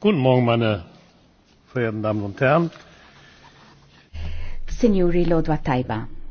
Guten Morgen, meine verehrten Damen und Signori Lodwa Tajba.